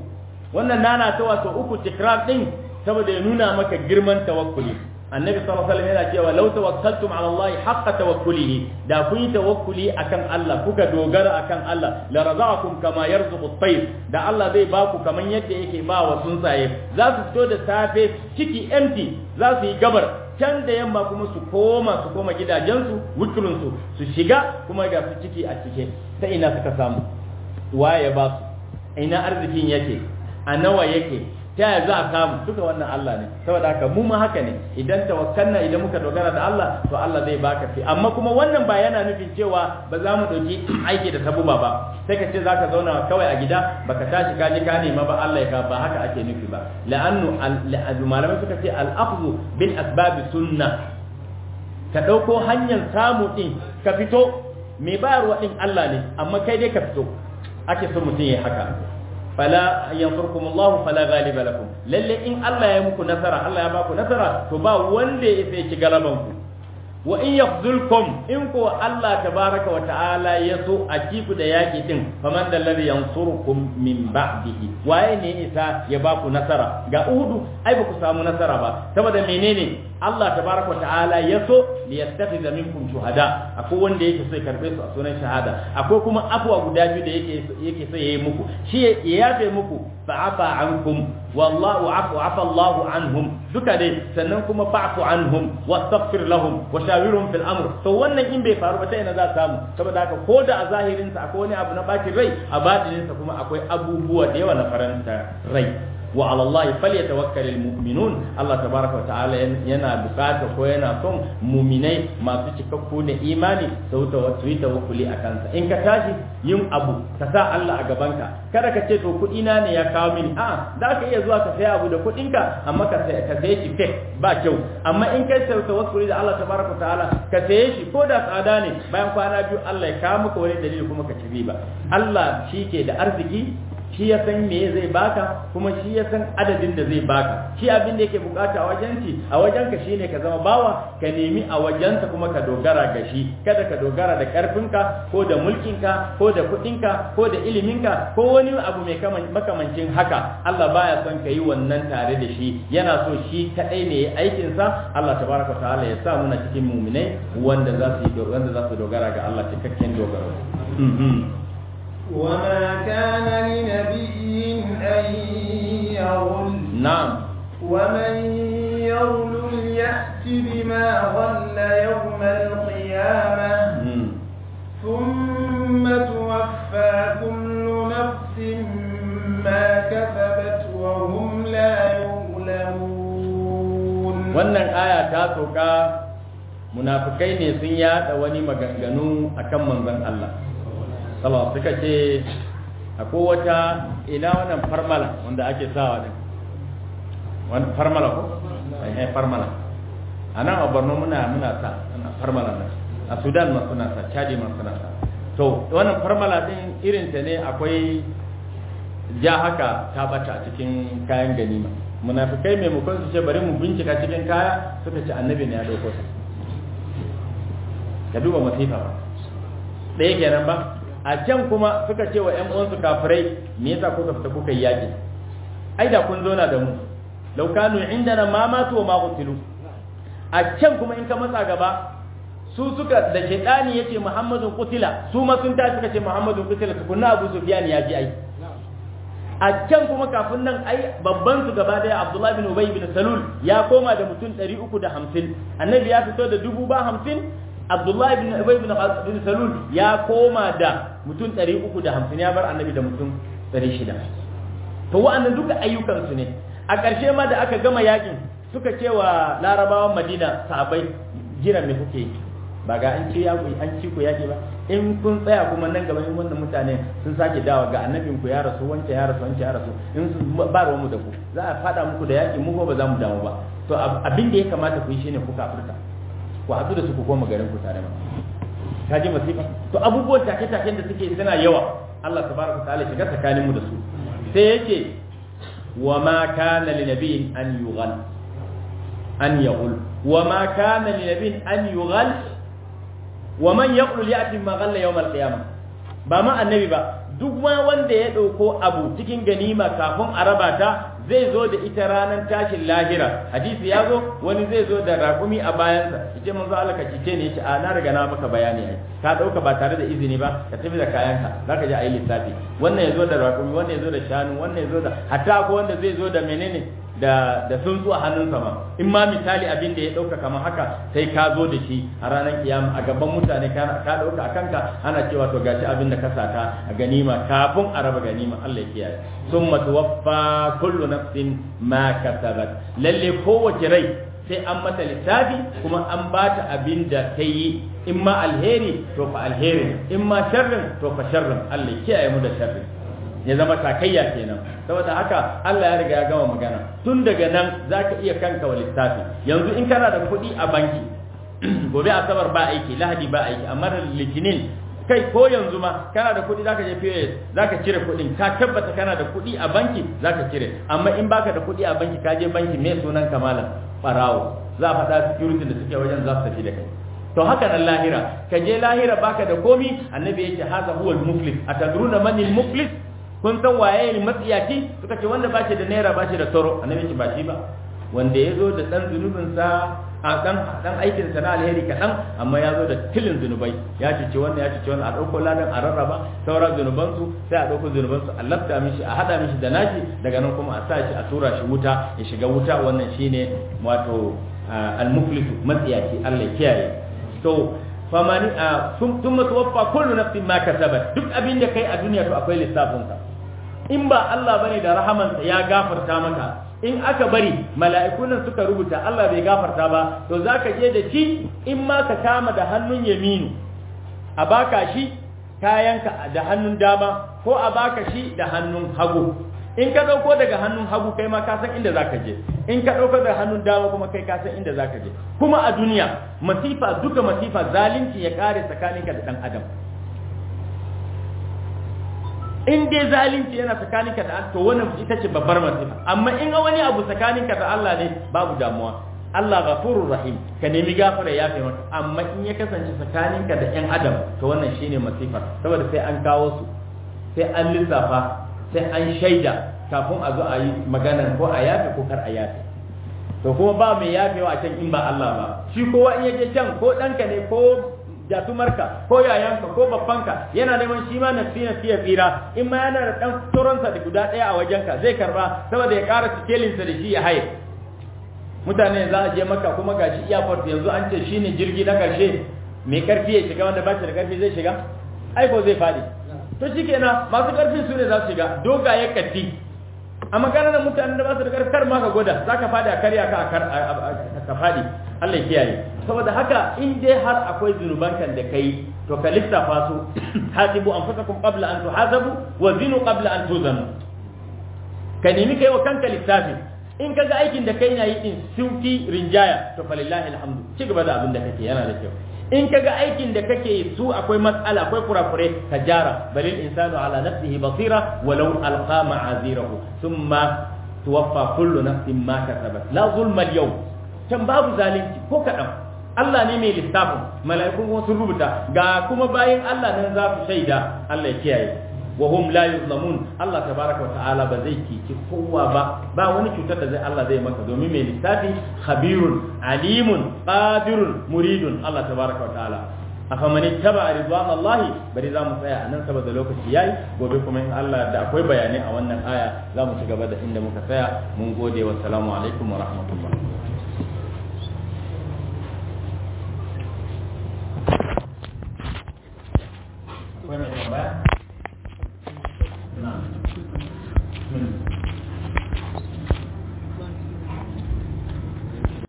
wannan nana ta wato uku tikrar din saboda ya nuna maka girman tawakkuli annabi sallallahu alaihi wasallam yana cewa law tawakkaltum ala Allah haqqa tawakkulihi da kun yi tawakkuli akan Allah kuka dogara akan Allah la razaqakum kama yarzuqu at-tayr da Allah zai ba ku kaman yadda yake ba wa tsuntsaye za su fito da safe ciki empty za su yi gabar can da yamma kuma su koma su koma gidajensu wukilinsu su shiga kuma ga su ciki a cike ta ina suka samu waye ba su ina arzikin yake a nawa yake ta yaya za a samu duka wannan Allah ne saboda haka mu ma haka ne idan tawakkalna idan muka dogara da Allah to Allah zai baka fi amma kuma wannan ba yana nufin cewa ba za mu dauki aiki da tabuba ba sai ka ce za ka zauna kawai a gida baka tashi ka je ka nema ba Allah ya ka ba haka ake nufi ba la'annu al-azmalama suka ce al aqdu bil asbab sunna ka dauko hanyar samu din ka fito mai bayarwa din Allah ne amma kai dai ka fito ake so mutum ya haka fala yanfurkum Allah fala ghaliba lakum lalle in Allah ya muku nasara Allah ya baku nasara to ba wanda ya ife ki galaban ku wa in yakhzulkum in ko Allah tabaraka wa ta'ala ya so a kiku da yaki din faman da ladhi yansurukum min ba'dihi waye ne isa ya ba ku nasara ga uhudu ai ba ku samu nasara ba saboda menene Allah tabaraka wa ta'ala ya so li yattakhidha minkum shuhada akwai wanda yake so ya karbe su a sunan shahada akwai kuma afwa guda biyu da yake yake so yayi muku shi ya yafe muku fa'afa ankum wallahu afu afa Allahu anhum duka dai sannan kuma fa'fu anhum wastaghfir lahum wa shawirhum fil amr to wannan in bai faru ba sai na za samu saboda haka ko da a zahirin sa akwai wani abu na bakin rai a batinin sa kuma akwai abubuwa da yawa na faranta rai wa ala Allah falyatawakkalul mu'minun Allah tabaraka wa ta'ala yana bukata ko yana son mu'minai masu cikakku ne imani su yi tawakkuli a kansa in ka tashi yin abu ka sa Allah a gabanka kada ka ce to kuɗi na ne ya kawo mini a za ka iya zuwa ka saya abu da kuɗinka amma ka saya ka shi ba kyau amma in kai sai tawakkuli da Allah tabaraka wa ta'ala ka saye shi ko da tsada ne bayan kwana biyu Allah ya kawo maka wani dalili kuma ka ci riba Allah shi ke da arziki shi ya san me zai baka kuma shi ya san adadin da zai baka shi abin da yake bukata a wajen shi a wajen ka shine ka zama bawa ka nemi a wajen ta kuma ka dogara ga shi kada ka dogara da karfinka ko da mulkinka ko da kudinka ko da iliminka ko wani abu mai makamancin haka Allah baya son ka yi wannan tare da shi yana so shi kadai ne aikin sa Allah tabaraka ta'ala ya sa muna cikin mu'minai wanda za su dogara ga Allah cikakken dogaro وما mhm. كان munafikai ne sun yada wani maganganu akan manzon Allah sallallahu suka ce akwai wata ina wannan farmala wanda ake sawa din wani farmala ko eh farmala ana a Borno muna muna sa farmala ne a Sudan ma suna sa Chadi ma suna sa to wannan farmala din irin ta ne akwai ja haka ta bata cikin kayan ganima munafikai mukan su ce bari mu bincika cikin kaya suka ce annabi ne ya dauko su ka duba masifa ba ɗaya kenan ba a can kuma suka ce wa 'yan uwansu kafirai me yasa kuka fita kuka yi yaƙi ai da kun zo na da mu laukanu inda na mamatu wa maƙutilu a can kuma in ka matsa gaba su suka da shaidani yace Muhammadu kutila su ma sun tafi suka ce Muhammadu su kunna Abu Sufyan ya ji ai a can kuma kafin nan ai babban su gaba daya abdullahi bin Ubay bin Salul ya koma da mutum 350 annabi ya fito da dubu ba hamsin abdullah bin ubay ibn salul ya koma da mutum 350 ya bar annabi da mutum 600 to wa'annan duka ayyukan su ne a ƙarshe ma da aka gama yakin suka ce wa larabawan madina sahabbai jiran me kuke yi ba ga an ce ya ku an ci ku yaki ba in kun tsaya kuma nan gaban in wannan mutane sun sake dawa ga annabin ku ya rasu wancan ya rasu wancan ya rasu in sun bar mu da ku za a fada muku da yaki mu ba za mu damu ba to abin da ya kamata ku yi shine ku kafirta ku hatsu da su ku koma garin ku tare ba ka ji masifa to abubuwan take-taken da suke suna yawa Allah tabaraka ta'ala shiga tsakanin mu da su sai yake wa ma kana lin nabiy an yughal an yaghul wa ma kana lin nabiy an yughal wa man yaqul ya'ti ma ghalla yawm al-qiyamah ba ma annabi ba duk ma wanda ya dauko abu cikin ganima kafin a raba ta zai zo da ita ranar tashin lahira hadisi ya zo wani zai zo da raƙumi a bayansa yace manzo Allah ka cice ne yace a na riga na maka bayani ai ka dauka ba tare da izini ba ka tafi da kayanka zaka je a yi lissafi wannan ya zo da raƙumi wannan ya zo da shanu wannan ya zo da hatta ko wanda zai zo da menene da da sun zuwa hannunsa ma in ma misali abin da ya dauka kamar haka sai ka zo da shi a ranar kiyama a gaban mutane ka ɗauka dauka kanka ana cewa to gashi abin da ka sata a ganima kafin a raba ganima Allah ya kiyaye summa tuwaffa kullu nafsin ma kasabat lalle kowace rai sai an mata littafi kuma an bata abin da ta yi in ma alheri to fa alherin in ma sharrin to fa sharrin Allah kiyaye mu da sharrin ya zama takayya kenan saboda haka Allah ya riga ya gama magana tun daga nan zaka iya kanka wa littafi yanzu in kana da kuɗi a banki gobe asabar ba aiki lahadi ba aiki amma litinin kai ko yanzu ma kana da kuɗi zaka je POS zaka cire kuɗin ka tabbata kana da kuɗi a banki zaka cire amma in baka da kuɗi a banki ka je banki me sunan kamalan barawo za a faɗa security da suke wajen za su tafi da kai to haka nan lahira ka je lahira baka da komi annabi yake haza huwal muflis atadruna manil muflis kun san waye ne matsiyaci suka ce wanda bashi da naira bashi da toro annabi ce ba shi ba wanda ya zo da dan zunubin sa a dan dan aikin sa na alheri kaɗan amma ya zo da tilin zunubai ya ce wannan ya ce wannan a ɗauko ladan a rarraba sauran zunuban su sai a ɗauko zunuban su a lafta mishi a haɗa mishi da nashi daga nan kuma a sa shi a tura shi wuta ya shiga wuta wannan shine wato al matsiyaci Allah kiyaye to famani sun tumma tuwaffa kullu nafsin ma kasabat duk abin da kai a duniya to akwai lissafin in ba Allah bane da rahamansa ya gafarta maka in aka bari mala'ikunan suka rubuta Allah bai gafarta ba to zaka je da ci in ma ka kama da hannun yaminu a baka shi kayanka da hannun dama ko a baka shi da hannun hagu in ka dauko daga hannun hagu kai ma ka san inda zaka je in ka dauko daga hannun dama kuma kai ka san inda zaka je kuma a duniya masifa duka masifa zalunci ya kare tsakaninka da dan adam in dai zalunci yana tsakaninka da to wannan ita ce babbar masifa amma in wani abu tsakaninka da Allah ne babu damuwa Allah ghafurur rahim ka nemi gafara ya kai maka amma in ya kasance tsakaninka da ƴan adam to wannan shine masifa saboda sai an kawo su sai an lissafa sai an shaida kafin a zo a yi magana ko a yafe ko kar a yafe to kuma ba mai yafewa a can in ba Allah ba shi kowa in yake can ko ɗanka ne ko jatumarka ko yayanka ko babbanka yana neman shi ma na fiye ya tsira in ma yana da dan turansa da guda daya a wajenka zai karba saboda ya ƙara sa da shi ya haye mutane za a je maka kuma gashi airport yanzu an ce shine jirgi na karshe mai karfi ya shiga wanda ba shi da karfi zai shiga ai ko zai faɗi to shikenan masu karfi su ne za su shiga dogaye katti amma makarar da mutanen da ba su da karfi kar ma ka gwada za ka faɗi a karya ka a faɗi Allah ya kiyaye saboda haka in dai har akwai zunuban kan da kai to ka lissafa su hasibu anfusakum qabla an tuhasabu wa zinu qabla an tuzanu ka nemi kai wa kanka lissafi in kaga aikin da kai na yi din sufi rinjaya to falillahi alhamdu ci gaba da abin da kake yana da kyau in kaga aikin da kake su akwai matsala akwai kurakure ka jara balil insanu ala nafsihi basira walau alqa ma'azirahu thumma tuwaffa kullu nafsin ma kasabat la zulma al-yawm kan babu zalunci ko kadan Allah ne mai lissafin mala'iku kuma sun rubuta ga kuma bayan Allah nan za su shaida Allah ya kiyaye wa hum la yuzlamun Allah tabaraka wa ta'ala ba zai kici kowa ba ba wani cutar da zai Allah zai maka domin mai lissafi khabirun alimun qadirun muridun Allah tabaraka wa ta'ala afa mani taba ridwan Allah bari za mu tsaya anan saboda lokaci yayi gobe kuma in Allah da akwai bayanai a wannan aya za mu ci gaba da inda muka tsaya mun gode wa assalamu alaikum wa rahmatullah back.